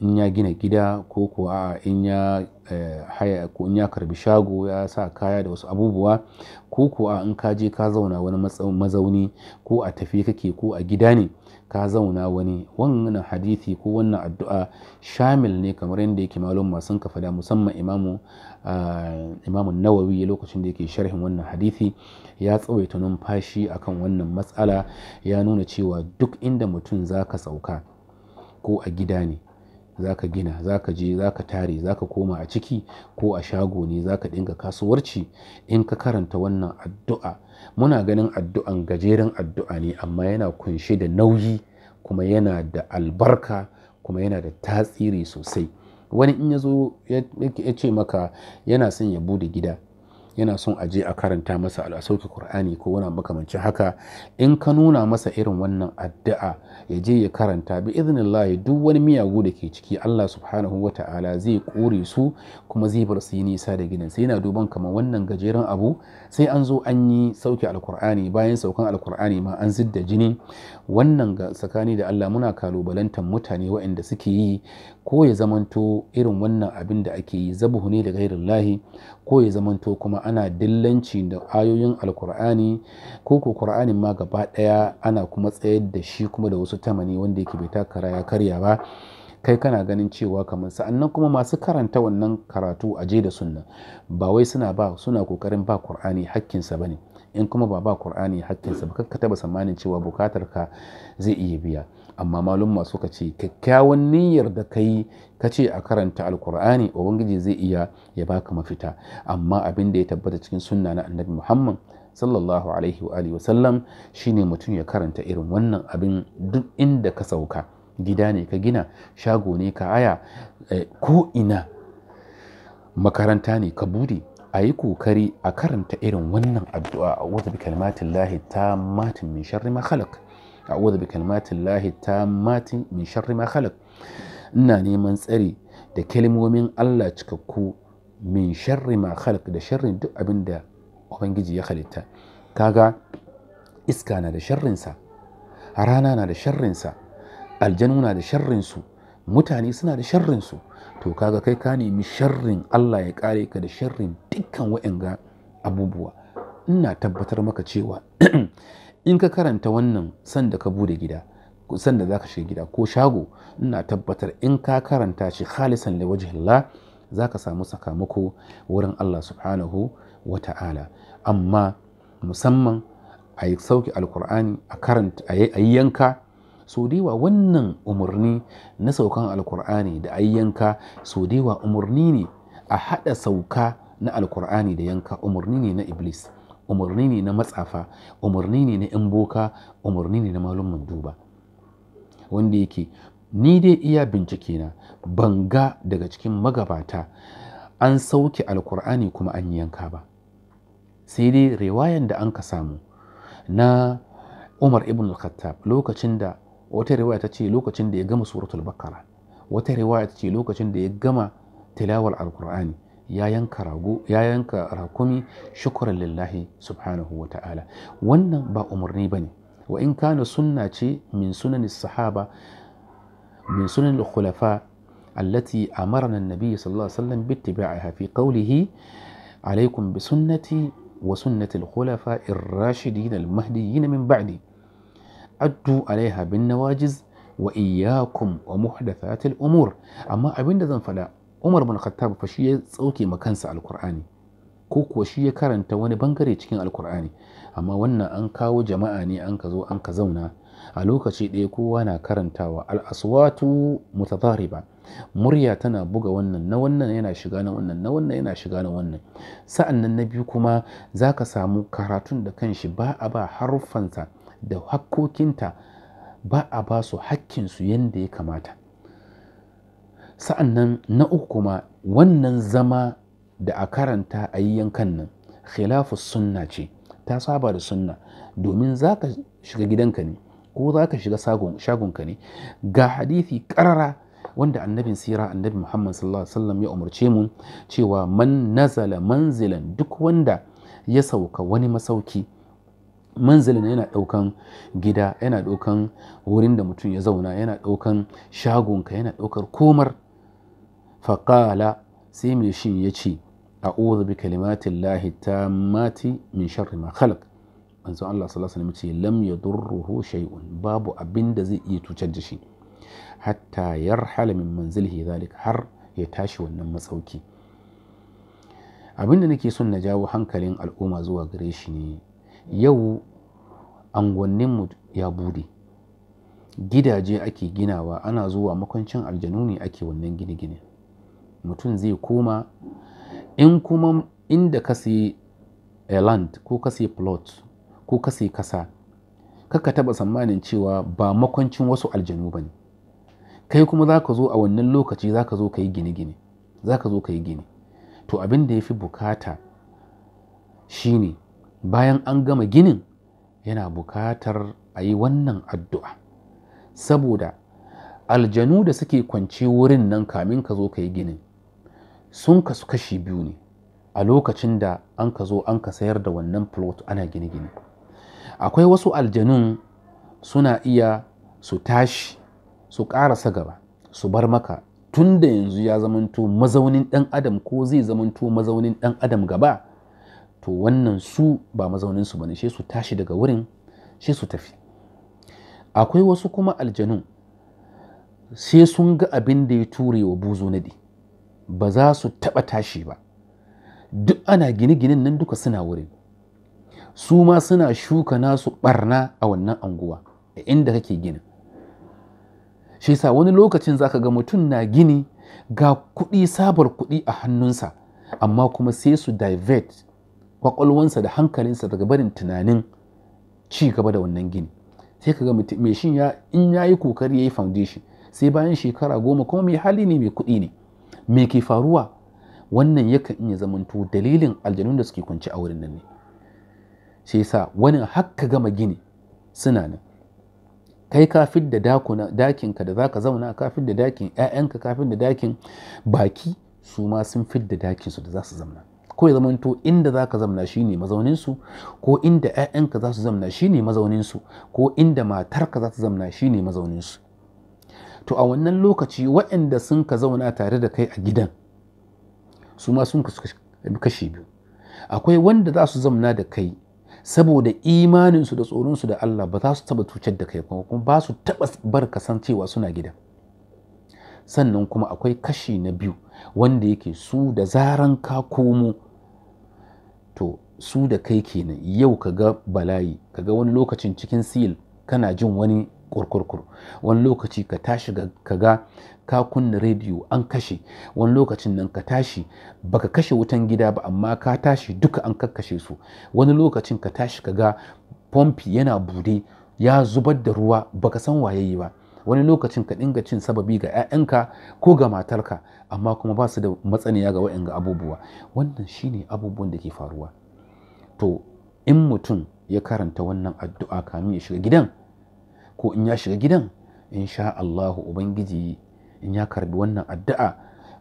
A: in ya gina gida ko kuwa in ya eh, haya in ya karbi shago ya sa kaya da wasu abubuwa ko kuwa in ka je ka zauna wani mazauni ko a tafi kake ko a gida ne ka zauna wani wannan hadithi ko wannan addu'a shamil ne kamar yadda yake malum masu kafa da musamman imamu eh, imamu nawawi lokacin da yake sharhin wannan hadithi ya tsawaita numfashi akan wannan matsala ya nuna cewa duk inda mutum za ka sauka ko a gida ne zaka gina zaka je zaka tare zaka koma a ciki ko a shago ne zaka dinga kasuwarci in ka karanta wannan addu'a muna ganin addu'an gajeren addu'a ne amma yana kunshe da nauyi kuma yana da albarka kuma yana da tasiri sosai wani in ya zo ya ce maka yana son ya bude gida yana son a je a karanta masa sauke qur'ani ko wani makamancin haka in ka nuna masa irin wannan addu'a ya je ya karanta bi idnillahi duk wani miyagu da ke ciki Allah subhanahu wata'ala zai kore su kuma zai bar su yi nisa da gidan sai yana duban kamar wannan gajeren abu sai an zo an yi sauki alqur'ani bayan saukan alqur'ani ma an zidda jini wannan ga tsakani da Allah muna kalubalantar mutane waɗanda suke yi ko ya zamanto irin wannan abin da ake yi zabuhu ne da gairin lahi ko ya zamanto kuma ana dillanci da ayoyin alkur'ani ko ko kur'anin ma gaba daya ana kuma tsayar da shi kuma da wasu tamani wanda yake bai takara ya karya ba kai kana ganin cewa kamar sa'annan kuma masu karanta wannan karatu a je da sunna ba wai suna ba suna kokarin ba kur'ani hakkinsa ne in kuma ba ba kurani hakkinsa ba ka taba tsammanin cewa bukatar ka zai iya biya amma malumma suka ce kyakkyawan niyyar da ka yi ka ce a karanta alkur'ani ubangiji zai iya ya baka mafita amma abin da ya tabbata cikin sunna na annabi muhammad sallallahu alaihi wa alihi wasallam shine mutum ya karanta irin wannan abin duk inda ka sauka gida ne ka gina shago ne ka aya eh, ko ina makaranta ne ka bude a yi kokari a karanta irin wannan addu'a a wata kalmatin lahi ta matin min sharri ma khalaq a'udhu bi ta tammatin min sharri ma khalaq ina neman tsari da kalmomin Allah cikakku min sharri ma khalaq da sharrin duk abin da ubangiji ya halitta kaga iska na da sharrinsa rana na da sharrinsa aljanu na da su mutane suna da sharrinsu to kaga kai ka nemi sharrin Allah ya kare ka da sharrin dukkan wa'anga abubuwa ina tabbatar maka cewa in ka karanta wannan sanda ka bude gida sanda za ka shiga gida ko shago ina tabbatar in ka karanta shi khalisan li wajhillah za ka samu sakamako wurin Allah subhanahu wa ta'ala amma musamman a yi sauki alkur'ani a karanta a yi yanka so dewa wannan umarni na saukan alkur'ani da ayyanka so dewa umarni ne a haɗa sauka na alkur'ani da yanka umarni ne na iblis umarni ne na matsafa umarni ne na yan boka umarni ne na malumin duba wanda yake ni dai iya bincike na ban ga daga cikin magabata an sauke alkur'ani kuma an yanka ba sai dai riwayan da an ka samu na umar ibn al-khattab lokacin da wata riwaya ta ce lokacin da ya gama suratul bakara wata riwaya ta ce lokacin da ya gama tilawar alkur'ani ya yanka rago ya yanka rakumi shukran lillahi subhanahu wa ta'ala wannan ba umarni bane wa in kana sunna ce min sahaba min khulafa التي أمرنا النبي صلى الله عليه وسلم باتباعها في قوله عليكم بسنتي وسنة الخلفاء الراشدين المهديين من بعدي أدوا عليها بالنواجز وإياكم ومحدثات الأمور أما أبن ذنفلا umar bin khattab fa shi ya tsauke ma kansa alkur'ani ko kuwa shi ya karanta wani bangare cikin alkur'ani amma wannan an kawo jama'a ne an ka zo an ka zauna a lokaci ɗaya kowa na karantawa al'aswatu mutadariba murya tana buga wannan na wannan yana shiga na wannan na wannan yana shiga na wannan sa'an na biyu kuma za ka samu karatun da kanshi ba a ba haruffanta da hakkokinta ba a ba su hakkinsu yadda ya kamata sa'an nan na uku kuma wannan zama da a karanta a yi yankan nan khilafu sunna ce ta saba da sunna domin za ka shiga gidanka ne ko za ka shiga shagonka ne ga hadithi karara wanda annabin sira annabi muhammad sallallahu alaihi wasallam ya umarce mu cewa man nazala manzilan duk wanda ya sauka wani masauki manzilin yana ɗaukan gida yana ɗaukan wurin da mutum ya zauna yana ɗaukan shagonka yana ɗaukar komar faƙala sai mai shin ya ce a a'udhu bi kalimatin lahi ta mati min sharri ma khalaq manzon Allah sallallahu alaihi wasallam ce lam yadurruhu shay'un babu abin da zai iya cutar da shi hatta yarhala min manzilihi zalik har ya tashi wannan matsauki. abin da nake son na jawo hankalin al'umma zuwa gare shi ne yau angonninmu ya bude gidaje ake ginawa ana zuwa makwancin aljanu ne ake wannan gine-gine mutum zai koma in kuma inda ka sayi eh, land ko ka sai plot ko ka sai kasa kaka taba tsammanin cewa ba makwancin wasu aljanu ba ne kai kuma za ka zo a wannan lokaci za ka zo ka yi gine-gine za ka zo ka yi gini to abin da ya fi bukata shine bayan an gama ginin yana bukatar a yi wannan addu'a saboda aljanu da suke kwance wurin nan kamin ka zo ka yi ginin sun kasu kashi biyu ne a lokacin da an ka zo an ka sayar da wannan plot ana gine-gine akwai wasu aljanun suna iya su tashi su ƙarasa gaba su bar maka tun da yanzu ya zamanto mazaunin ɗan adam ko zai zamanto mazaunin ɗan adam gaba to wannan su ba mazaunin su bane shi su tashi daga wurin shi su tafi akwai wasu kuma aljanun sai sun ga abin da ya ture wa buzu nadi ba za su taɓa tashi ba duk ana gine-ginen nan duka suna wurin su ma suna shuka nasu barna a wannan anguwa inda kake ginin shi sa wani lokacin za ka ga mutum na gini ga kuɗi sabar kuɗi a hannunsa amma kuma sai su divert kwakwalwansa da hankalinsa daga barin tunanin ci gaba da wannan gini sai ka ga mutum mai shin in ya yi kokari ya yi foundation sai bayan shekara goma kuma mai hali ne mai kuɗi ne me ke faruwa wannan yakan iya zamanto dalilin aljanun da suke kwanci a wurin nan ne shi yasa wani hakka gama gini suna nan kai ka da dakuna dakinka da zaka zauna ka da dakin ƴaƴanka ka da dakin baki su ma sun fidda dakin su da za su zauna ko ya zamanto inda za ka zamna shi ne mazauninsu ko inda ƴaƴanka za su zamna shi ne mazauninsu ko inda matarka za ta zamna shine ne mazauninsu to a wannan lokaci waɗanda sun ka zauna tare da kai a gidan su ma sun kashe biyu akwai wanda za su zauna da kai saboda imaninsu da tsoronsu da Allah ba za su taba cutar da kai kuma ba su taba bar kasancewa suna gidan sannan kuma akwai kashi na biyu wanda yake su da zaran ka komo to su da kai kenan yau ka ga bala'i ka ga wani lokacin cikin sil kana jin wani kurkurkur wani lokaci ka tashi ka ga ka kunna rediyo an kashe wani lokacin nan ka tashi baka kashe wutan gida ba amma ka tashi duka an kakkashe su wani lokacin ka tashi ka ga pompi yana bude ya zubar da ruwa baka san waye yi ba wani lokacin ka dinga cin sababi ga 'ya'yanka ko ga matarka amma kuma ba su da matsaniya ga waɗanga abubuwa wannan shine abubuwan da ke faruwa to in mutum ya karanta wannan addu'a kamin ya shiga gidan ko in ya shiga gidan insha Allahu ubangiji in ya karbi wannan addu'a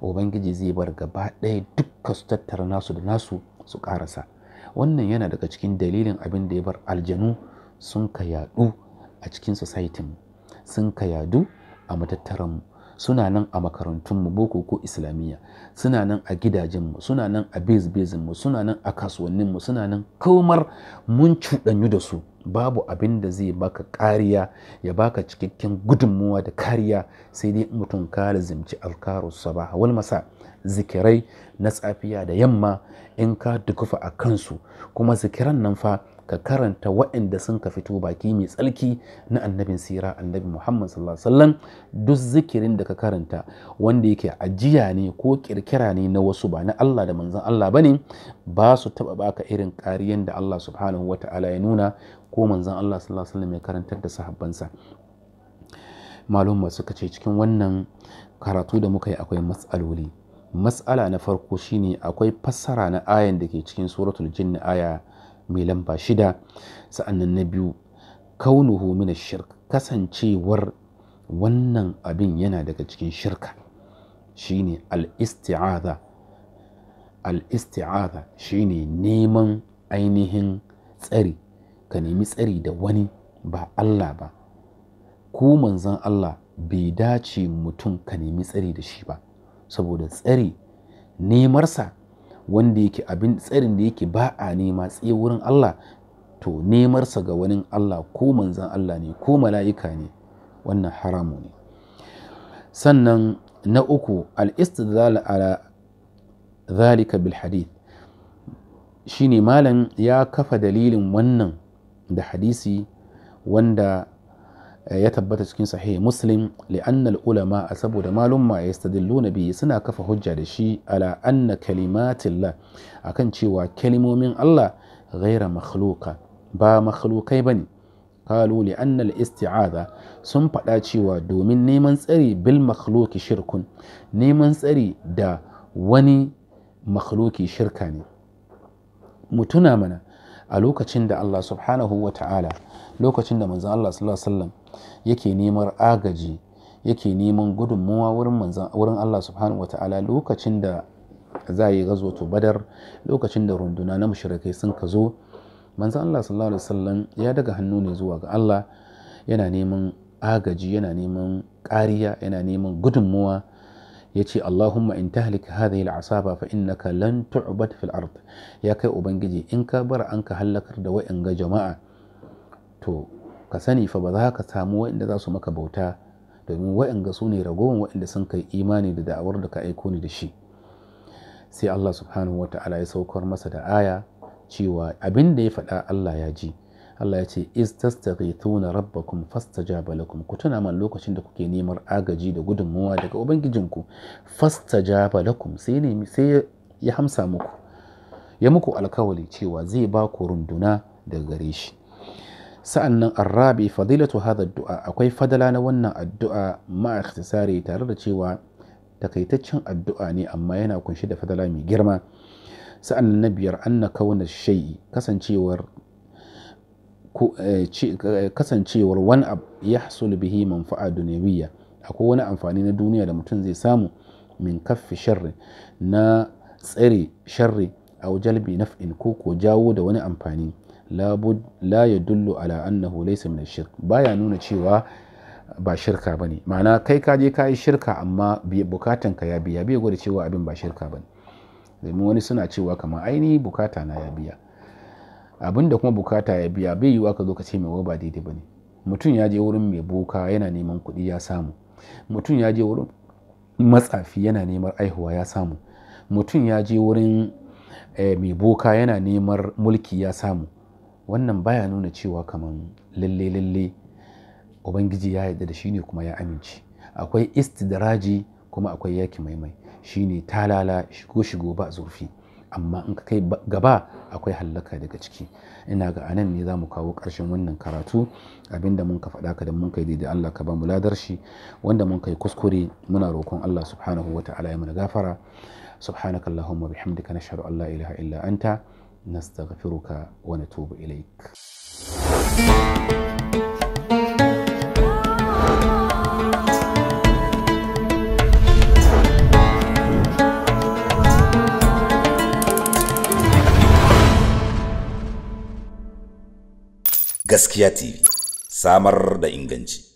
A: ubangiji zai bar gaba ɗaya dukkan su tattara nasu da nasu su ƙarasa wannan yana daga cikin dalilin abin da ya bar aljanu sun ka yadu a cikin society sun ka yadu a matattaranmu suna nan a makarantunmu boko ko islamiyya suna nan a gidajenmu suna nan a bezbezinmu suna nan a kasuwanninmu suna nan komar mun cuɗanyu da su babu abin da zai baka kariya ya baka cikakken gudunmuwa da kariya sai dai mutum ka lazimci alkaru saba wani masa zikirai na tsafiya da yamma in ka dukufa a kansu kuma zikiran nan fa ka karanta waɗanda sun ka fito baki mai tsalki na annabin sira annabi muhammad sallallahu alaihi wasallam duk zikirin da ka karanta wanda yake ajiya ne ko kirkira ne na wasu ba na allah da manzon allah bane ba su taba baka irin kariyan da allah subhanahu ta'ala ya nuna ko manzon Allah sallallahu alaihi wasallam ya karantar da sahabbansa malumma suka ce cikin wannan karatu da muka yi akwai matsaloli matsala na farko shine akwai fassara na ayan da ke cikin suratul jinni aya mai lamba shida sa'annan na biyu kaunuhu min shirk kasancewar wannan abin yana daga cikin shirka shine al-isti'aza al-isti'aza shine neman ainihin tsari ka nemi tsari da wani ba Allah ba ko manzan Allah bai dace mutum ka nemi tsari da shi ba saboda tsari nemarsa wanda yake abin tsarin da yake ba a nema tsaye wurin Allah to nemarsa ga wani Allah ko manzan Allah ne ko mala'ika ne wannan haramu ne sannan na uku al'istidlal ala zalika bil hadith shine malam ya kafa dalilin wannan da hadisi wanda eh, ya tabbata cikin sahih muslim li'anna ulama a saboda malumma ya stadillu biyu suna kafa hujja da shi ala anna kalimatillah akan cewa kalimomin Allah ghaira makhluka ba makhlukai bane qalu li'anna al-isti'adha sun faɗa cewa domin neman tsari bil makhluki shirkun neman tsari da wani makhluki shirka ne mutuna mana a lokacin da Allah subhanahu wa ta'ala lokacin da manzan Allah sallallahu alaihi wasallam yake neman agaji yake neman gudunmuwa wurin Allah subhanahu wa ta'ala lokacin da za a yi gazo badar lokacin da runduna na mashirakai sun ka zo manzan Allah sallallahu alaihi ya daga hannu ne zuwa ga Allah yana neman agaji yana neman kariya yana neman gudunmuwa ya ce Allahumma in tahlik hadhihi al'asaba fa innaka lan tu'bad fil ard ya kai ubangiji in ka bar an ka halakar da wa'in ga jama'a to ka sani fa ba za ka samu wa'inda za su maka bauta domin wa'in ga su ne ragowar wa'inda sun kai imani da da'awar da ka aiko ni da shi sai Allah subhanahu wa ta'ala ya saukar masa da aya cewa abin da ya faɗa Allah ya ji Allah ya ce iz tastaghithuna rabbakum fastajaba lakum ku tuna man lokacin da kuke neman agaji da gudunmuwa daga ubangijinku fastajaba lakum sai ne sai ya hamsa muku ya muku alkawali cewa zai ba ku runduna daga gare shi sa'annan arrabi fadilatu hadha du'a akwai fadala na wannan addu'a ma ikhtisari tare da cewa takaitaccen addu'a ne amma yana kunshi da fadala mai girma sa'an na biyar an na kauna shai'i kasancewar Eh, eh, kasancewar wani abu ya hasulu bihi manfa'a duniyawiya akwai wani amfani na duniya da mutum zai samu min kaffi sharri na tsare sharri aw jalbi naf'in ko ko jawo da wani amfani la ya dullu ala annahu laysa min shirk baya nuna cewa ba shirka bane ma'ana kai ka je ka yi shirka amma bukatan ka ya biya bai gwada cewa abin ba shirka bane domin wani suna cewa kamar aini bukata na ya biya abin da kuma bukata ya biya bai yiwa ka zo ka ce mai ba daidai ba ne mutum ya je wurin mai boka yana neman kuɗi ya samu mutum ya je wurin matsafi yana neman aihuwa ya samu mutum ya je wurin eh, mai boka yana neman mulki ya samu wannan baya nuna cewa kamar lalle lalle ubangiji ya yarda da shi ne kuma ya amince akwai istidraji kuma akwai yaki maimai shine talala shigo shigo ba zurfi amma in ka kai gaba akwai hallaka daga ciki ina ga anan ne za mu kawo ƙarshen wannan karatu abinda mun ka faɗa ka da mun kai daidai Allah ka ba mu ladar shi wanda mun kai kuskure muna roƙon Allah subhanahu wa ta'ala ya mana gafara subhanaka allahumma bihamdika nashhadu an la ilaha illa anta nastaghfiruka wa natubu ilaik Gaskiya TV, samar da inganci.